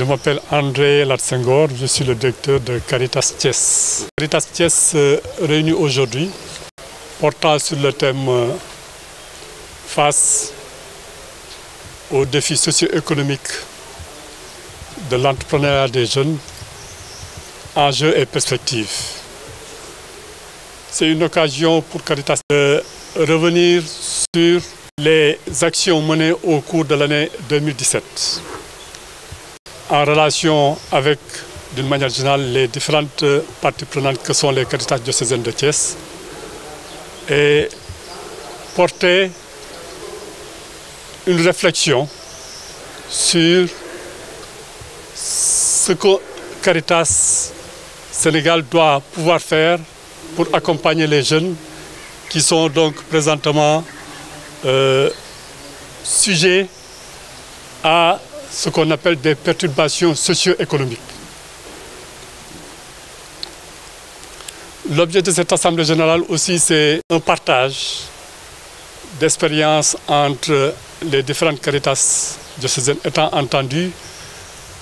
Je m'appelle André Latsengor, je suis le directeur de Caritas Thiès. Caritas se euh, réunit aujourd'hui portant sur le thème euh, face aux défis socio-économiques de l'entrepreneuriat des jeunes, enjeux et perspectives. C'est une occasion pour Caritas de revenir sur les actions menées au cours de l'année 2017 en relation avec, d'une manière générale, les différentes parties prenantes que sont les caritas diocésaines de Thiès et porter une réflexion sur ce que Caritas Sénégal doit pouvoir faire pour accompagner les jeunes qui sont donc présentement euh, sujets à ce qu'on appelle des perturbations socio-économiques. L'objet de cette Assemblée générale aussi, c'est un partage d'expériences entre les différentes caritas de zones, étant entendu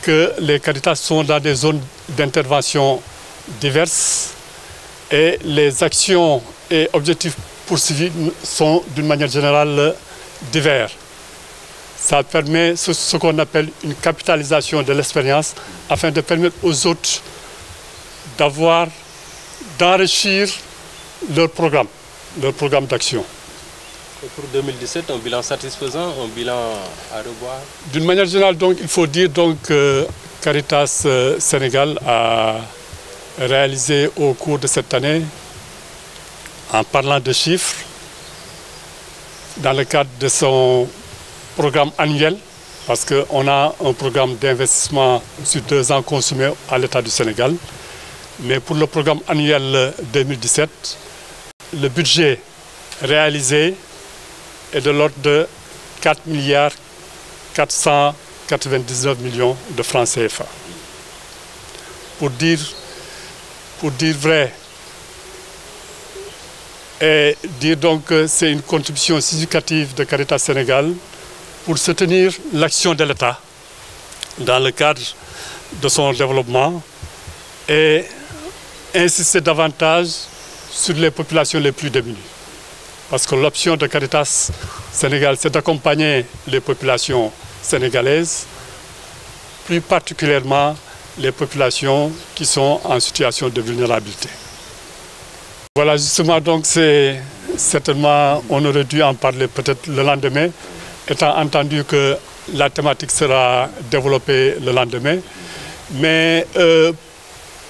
que les caritas sont dans des zones d'intervention diverses et les actions et objectifs poursuivis sont d'une manière générale divers. Ça permet ce, qu'on appelle une capitalisation de l'expérience afin de permettre aux autres d'avoir, d'enrichir leur programme, leur programme d'action. Pour 2017, un bilan satisfaisant, un bilan à revoir D'une manière générale, donc, il faut dire donc, que euh, Caritas euh, Sénégal a réalisé au cours de cette année, en parlant de chiffres, dans le cadre de son programme annuel parce qu'on a un programme d'investissement sur deux ans consommé à l'État du Sénégal. Mais pour le programme annuel 2017, euh, le budget réalisé est de l'ordre de 4 milliards 499 millions de francs CFA. Pour dire, pour dire vrai, et dire donc que c'est une contribution significative de Caritas Sénégal pour soutenir l'action de l'État dans le cadre de son développement et insister davantage sur les populations les plus démunies. Parce que l'option de Caritas Sénégal, c'est d'accompagner les populations sénégalaises, plus particulièrement les populations qui sont en situation de vulnérabilité. Voilà, justement, donc c'est certainement, on aurait dû en parler peut-être le lendemain, étant entendu que la thématique sera développée le lendemain. Mais euh,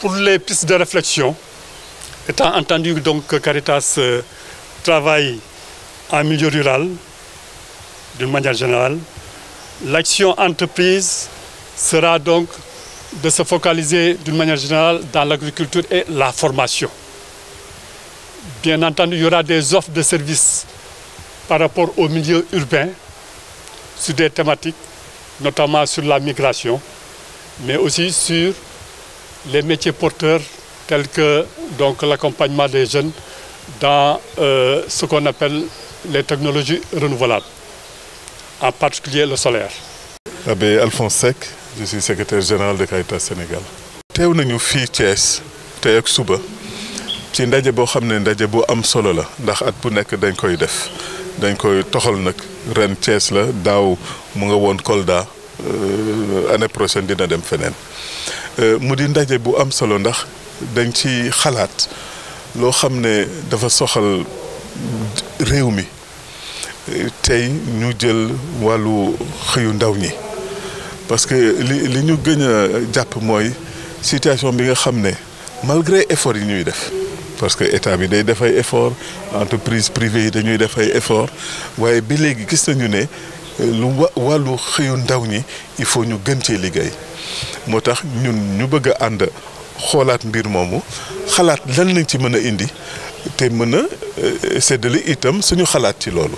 pour les pistes de réflexion, étant entendu donc que Caritas euh, travaille en milieu rural, d'une manière générale, l'action entreprise sera donc de se focaliser d'une manière générale dans l'agriculture et la formation. Bien entendu, il y aura des offres de services par rapport au milieu urbain, sur des thématiques, notamment sur la migration, mais aussi sur les métiers porteurs tels que l'accompagnement des jeunes dans euh, ce qu'on appelle les technologies renouvelables, en particulier le solaire. Abbé Alphonse Sec, je suis secrétaire général de Caritas Sénégal. Nous nañu fii Thiès qui ak suba ci ndaje boo xam ndaje am solo la ndax at dañ koy toxal nag ren Thiès la daaw mu nga woon Kolda euh, année prochaine dina dem feneen euh, mu di ndaje bu am solo ndax dañ ci xalaat loo xam ne dafa soxal réew mi tey ñu jël wàllu xëyu ndaw ñi parce que li li ñu gën a jàpp mooy situation bi nga xam ne malgré effort yi ñuy def parce que état bi day def ay effort entreprise privée yi dañuy def ay effort waaye bi léegi gis nañu ne lu wàllu xëyu ndaw ñi il faut ñu gën cee liggéey moo tax ñun ñu bëgg a ànd xoolaat mbir moomu xalaat lan lañ ci mën a indi te mën a euh, séddale itam suñu xalaat ci loolu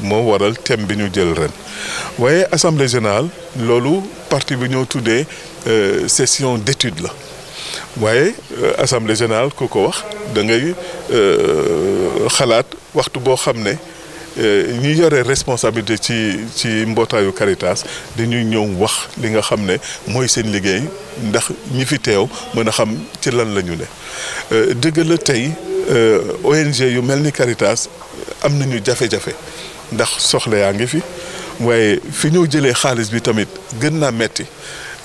moo waral thème bi ñu jël ren waaye assemblée générale loolu partie bi ñoo tuddee euh, session d'étude la. waaye euh, assemblée générale ku ko wax da ngay euh, xalaat waxtu boo xam ne euh, ñi yore responsabilité ci ci mbootaayu Caritas dañuy ñëw wax li nga xam ne mooy seen liggéey ndax ñi fi teew mën a xam ci lan la ñu ne dëgg la tey ONG yu mel ni Caritas am nañu jafe-jafe ndax soxla yaa ngi fi waaye fi ñoo jëlee xaalis bi tamit gën naa metti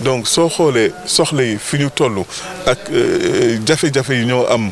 donc soo xoolee soxla yi fi ñu toll ak euh, jafe-jafe yi ñoo am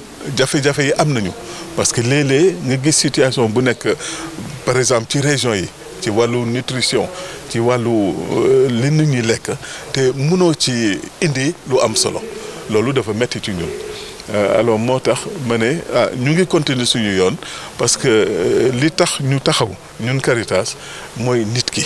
jafe-jafe yi am parce que les léeg nga gis situation bu nek par exemple ci région yi ci walu nutrition ci walu euh, li nit ñi lekk te mënoo ci indi lu am solo lolu dafa metti ci ñun euh, alors motax mané ah, ñu ngi continuer suñu yoon parce que euh, li tax ñu taxaw ñun Caritas moy nit ki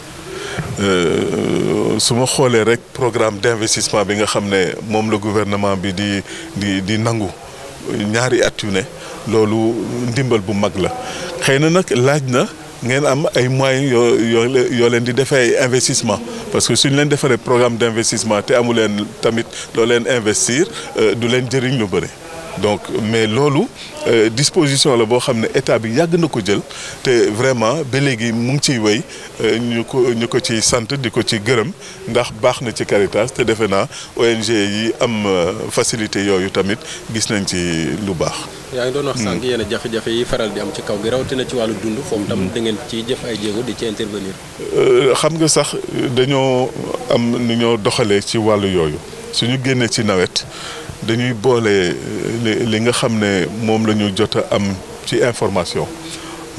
Euh, su ma xoolee rek programme d'investissement bi nga xam ne moom la gouvernement bi di di di nangu ñaari at yu ne loolu ndimbal bu mag la xëy na nag laaj na ngeen am ay moyens yoo yoo leen di defee ay investissement parce que suñ leen defaree programme d'investissement te amu leen tamit loo leen investir euh, du leen jëriñ lu bëri. donc mais loolu euh, disposition la bo xamné état bi yag nako ko jël te vraiment ba léegi mu ngi ciy wéy euh, ñu ko ñu ko ciy sant di ci gëreum ndax baxna ci Caritas té defe naa ONG yi am euh, facilité yoyu tamit gis nañ ci lu bax yaa ngi doon wax sànq hmm. yenn jafe-jafe yi faral di am ci kaw gi rawatina ci wàllu dund. foofu tam da ngeen ciy jëf ay jéego di ci intervenir. xam nga sax dañoo am nu ñoo doxalee ci wàllu yooyu suñu génnee ci nawet. dañuy boole li nga xam ne moom la ñu jot am ci information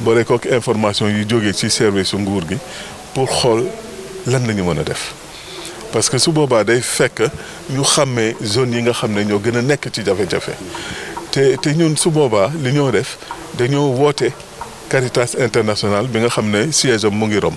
boole kook information yi jógee ci service su nguur gi pour xool lan la ñu mën a def parce que su boobaa day fekk ñu xàmmee zone yi nga xam ne ñoo gën a nekk ci jafe-jafe te te ñun su boobaa li ñoo def dañoo woote Caritas international bi nga xam ne siège mu ngi Rome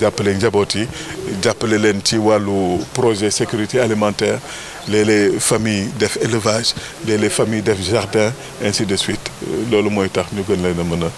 J'appelle Ndiaboti, d'appeler jàppale leen walu projet sécurité alimentaire les familles d'élevage, def familles les jardin ainsi de suite euh, Lolo ce tax ñu gën leen